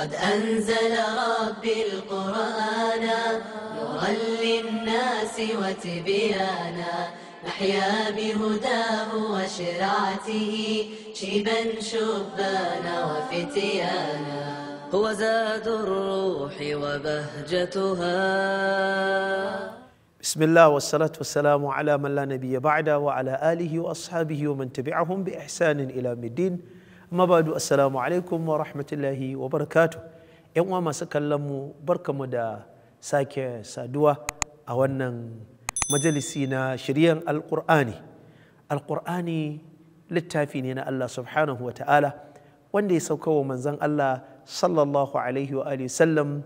قد أنزل ربي القرآن نورا للناس وتبيانا نحيا بهداه وشرعته شيبا شبانا وفتيانا هو زاد الروح وبهجتها بسم الله والصلاة والسلام على من لا نبي بعده وعلى آله وأصحابه ومن تبعهم بإحسان إلى مدين Mabadu assalamu alaikum wa rahmatullahi wa barakatu yan uwa masu kallon mu barkamu da sake saduwa a wannan majalisi na shiryan alqur'ani alqur'ani littafi ne na Allah subhanahu wa ta'ala wanda ya sauka wa manzon Allah sallallahu alaihi wa alihi sallam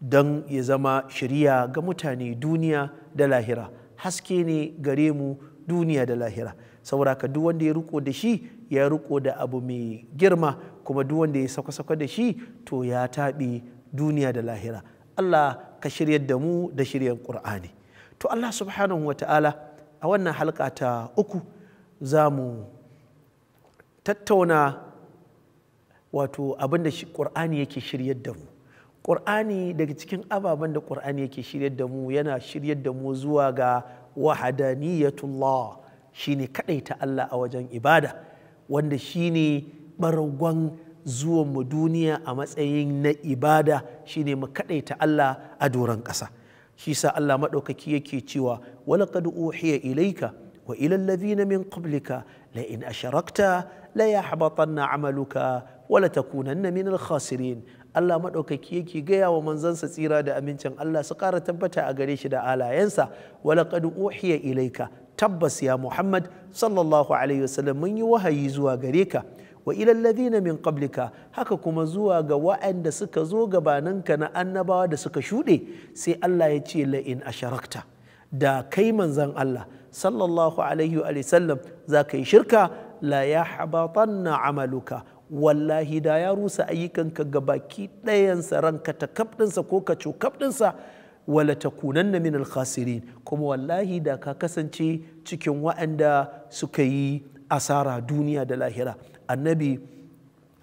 Dan ya zama shiriya ga mutane duniya da lahira haske ne gare mu duniya da lahira saboda ka duk wanda ya riko da shi ya riko da abu mai girma kuma duk wanda ya sako-sako da shi to ya taɓi duniya da lahira Allah ka shiryar da mu da shiryan ƙur'ani to Allah subhanahu wa ta'ala a wannan halka ta uku za mu tattauna wato abin da ƙur'ani yake shiryar da mu ƙur'ani daga cikin ababen da ƙur'ani yake shiryar da mu yana shiryar da mu zuwa ga wahadaniyatullah shine ta Allah a wajen ibada wanda shine ɓargon zuwan mu duniya a matsayin na ibada shine mu Allah a doron ƙasa shi sa Allah maɗaukaki yake cewa walaqad uhiya ilaika wa ila alladhina min qablika la in asharakta la yahbatanna amaluka wa la takunanna min al-khasirin Allah maɗaukaki yake gaya wa manzansa tsira da amincin Allah su ƙara tabbata a gare shi da alayensa walaƙad uhiya ilaika tabbas ya Muhammad sallallahu alaihi wasallam mun yi wahayi zuwa gare ka wa ilal ladina min qablika haka kuma zuwa ga wa'anda suka zo gabaninka na annabawa da suka shuɗe sai Allah ya ce la in asharakta da kai manzon Allah sallallahu alaihi wa sallam za ka yi shirka la ya habatanna amaluka wallahi da ya rusa ayyukanka ga baki ɗayansa ranka ta kabdinsa ko ka cokaf ɗinsa wala takunanna min khasirin kuma wallahi da ka kasance cikin wa'anda suka yi asara duniya da lahira annabi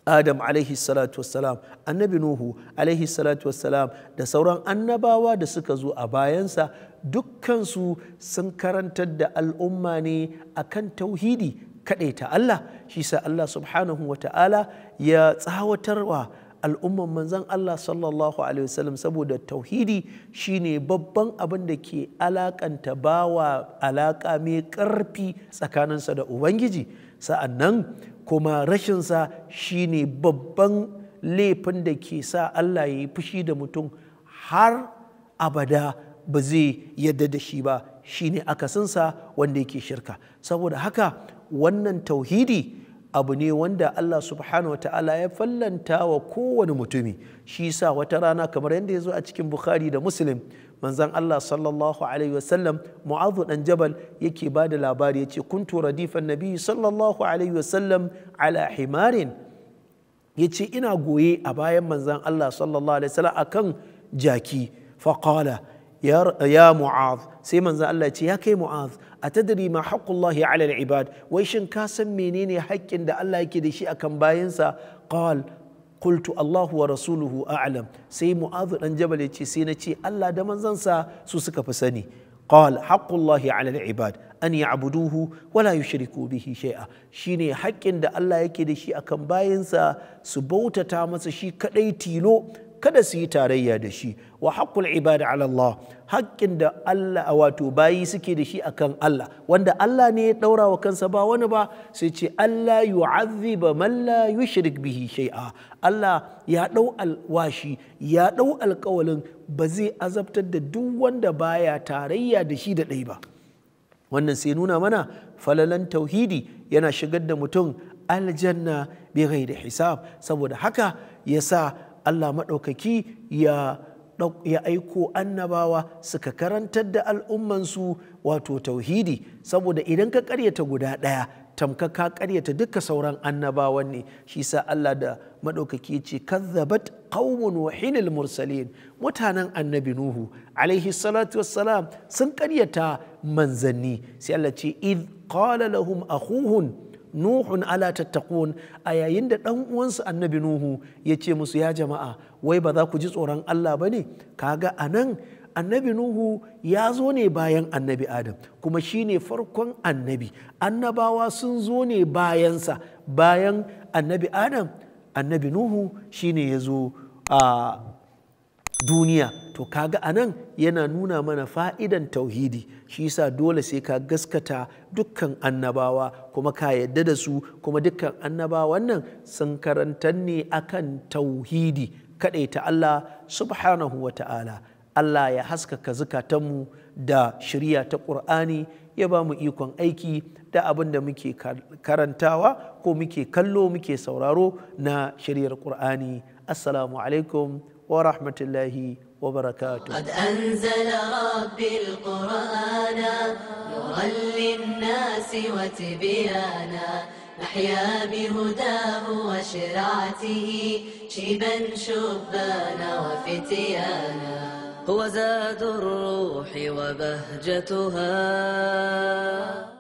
adam alaihi salatu wassalam annabi nuhu alaihi salatu wassalam da sauran annabawa da suka zo a bayansa dukkansu sun karantar da al'umma ne akan tauhidi kaɗaita Allah shi sa Allah subhanahu wa ta'ala ya tsawatarwa al'umman manzan Allah sallallahu alaihi wasallam saboda tauhidi shine babban abin da ke alakanta bawa alaka mai ƙarfi tsakaninsa da ubangiji sa'annan kuma rashinsa shine babban laifin da ke sa Allah ya yi fushi da mutum har abada ba zai yadda da shi ba shine akasinsa wanda yake shirka saboda haka wannan tauhidi abu ne wanda Allah subhanahu wa ta'ala ya fallanta wa kowane mutumi shi sa wata rana kamar yadda ya zo a cikin bukhari da muslim manzan Allah sallallahu alaihi wasallam mu'adhu dan jabal yake ba da labari ya ce kuntu radifan nabi sallallahu alaihi wasallam ala himarin ya ce ina goye a bayan manzan Allah sallallahu alaihi wasallam akan jaki faqala ya mu'az sai manzan Allah ce ya kai mu'az atadri ma haqqullahi ala al-ibad wai shin ka san menene haƙƙin da Allah yake da shi akan bayansa qal qultu Allahu wa rasuluhu a'lam sai mu'az dan jabal yace sai na ce Allah da manzansa su suka fi sani قال حق الله على العباد أن يعبدوه ولا يشركوا به شيئا شيني حق إن الله يكيد شيء أكم باينسا bautata masa shi كدي tilo. kada su yi tarayya da shi wa haqqul ibada ala Allah haƙƙin da Allah wato bayi suke da shi akan Allah wanda Allah ne ya ɗaura wa kansa ba wani ba sai ce Allah yu'azziba man la yushrik bihi shay'a Allah ya dau alwashi ya ɗau alƙawalin ba zai azabtar da duk wanda baya tarayya da shi da ɗai ba wannan sai nuna mana falalan tauhidi yana shigar da mutum aljanna bi da hisab saboda haka yasa Allah maɗaukaki ya aiko annabawa suka karantar da al'ummansu wato tauhidi saboda idan ka karyata guda ɗaya tamka ka karyata duka sauran annabawan ne shi sa Allah da maɗaukaki ce kazzabat qaumun wa mursalin mutanen annabi nuhu alaihi salatu wassalam sun karyata manzanni sai Allah ce id qala lahum akhuhun nuhun ala tattaqun a yayin da dan uwansu annabi nuhu ya ce musu ya jama'a wai ba za ku ji tsoron Allah ba ne kaga a nan annabi nuhu ya zo ne bayan annabi adam kuma shi ne farkon annabi annabawa sun zo ne bayansa bayan annabi adam annabi nuhu shi ne ya zo a duniya to kaga anan yana nuna mana fa'idan tauhidi shi yasa dole sai ka gaskata dukkan annabawa kuma ka yadda da su kuma dukkan annabawan nan sun karantar ne akan tauhidi ta Allah subhanahu wa ta'ala Allah ya haskaka zukatanmu da shirya ta ƙur'ani ya ba mu ikon aiki da abin da muke karantawa ko muke kallo muke sauraro na shiryar ƙur'ani assalamu alaikum ورحمة الله وبركاته قد أنزل ربي القرآن نورا للناس وتبيانا نحيا بهداه وشرعته شيبا شبانا وفتيانا هو زاد الروح وبهجتها